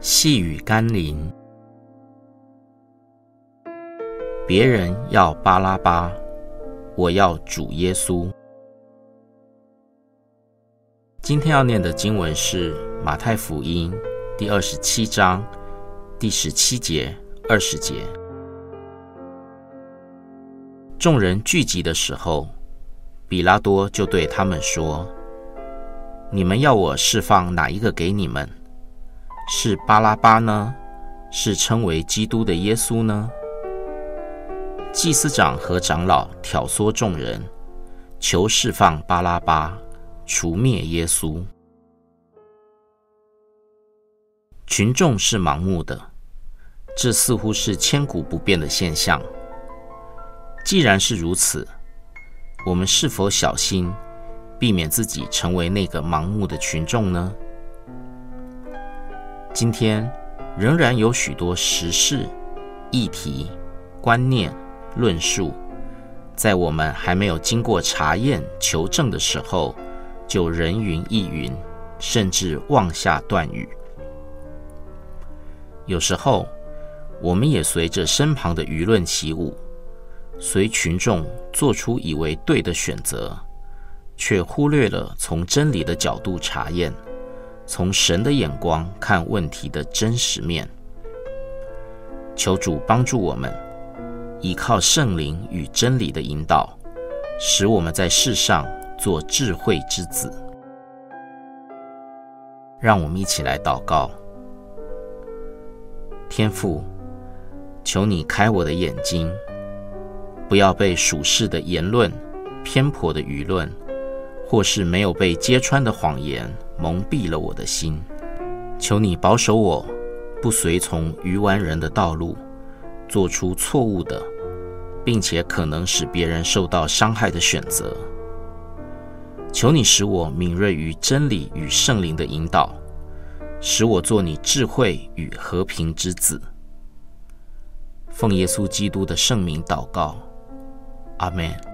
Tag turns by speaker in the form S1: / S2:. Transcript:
S1: 細語甘霖，別人要巴拉巴，我要主耶穌。今天要念的經文是《馬太福音》第二十七章第十七節二十節。眾人聚集的時候，彼拉多就對他們說：“你們要我釋放哪一個給你們？”是巴拉巴呢？是稱為基督的耶穌呢？祭司長和長老挑唆眾人，求釋放巴拉巴，除滅耶穌。群眾是盲目的，這似乎是千古不變的現象。既然是如此，我們是否小心，避免自己成為那個盲目的群眾呢？今天仍然有許多時事、議題、觀念、論述，在我們還沒有經過查驗求證的時候，就人云亦云，甚至妄下斷語。有時候，我們也隨着身旁的輿論起舞，隨群眾做出以為對的選擇，卻忽略了從真理的角度查驗。從神的眼光看問題的真實面，求主幫助我們，倚靠聖靈與真理的引導，使我們在世上做智慧之子。讓我們一起來禱告：天父，求你開我的眼睛，不要被屬世的言論、偏頗的輿論，或是沒有被揭穿的謊言蒙蔽了我的心，求你保守我，不隨從愚頑人的道路，做出錯誤的，並且可能使別人受到傷害的選擇。求你使我敏銳於真理與聖靈的引導，使我做你智慧與和平之子。奉耶穌基督的聖名禱告，阿們。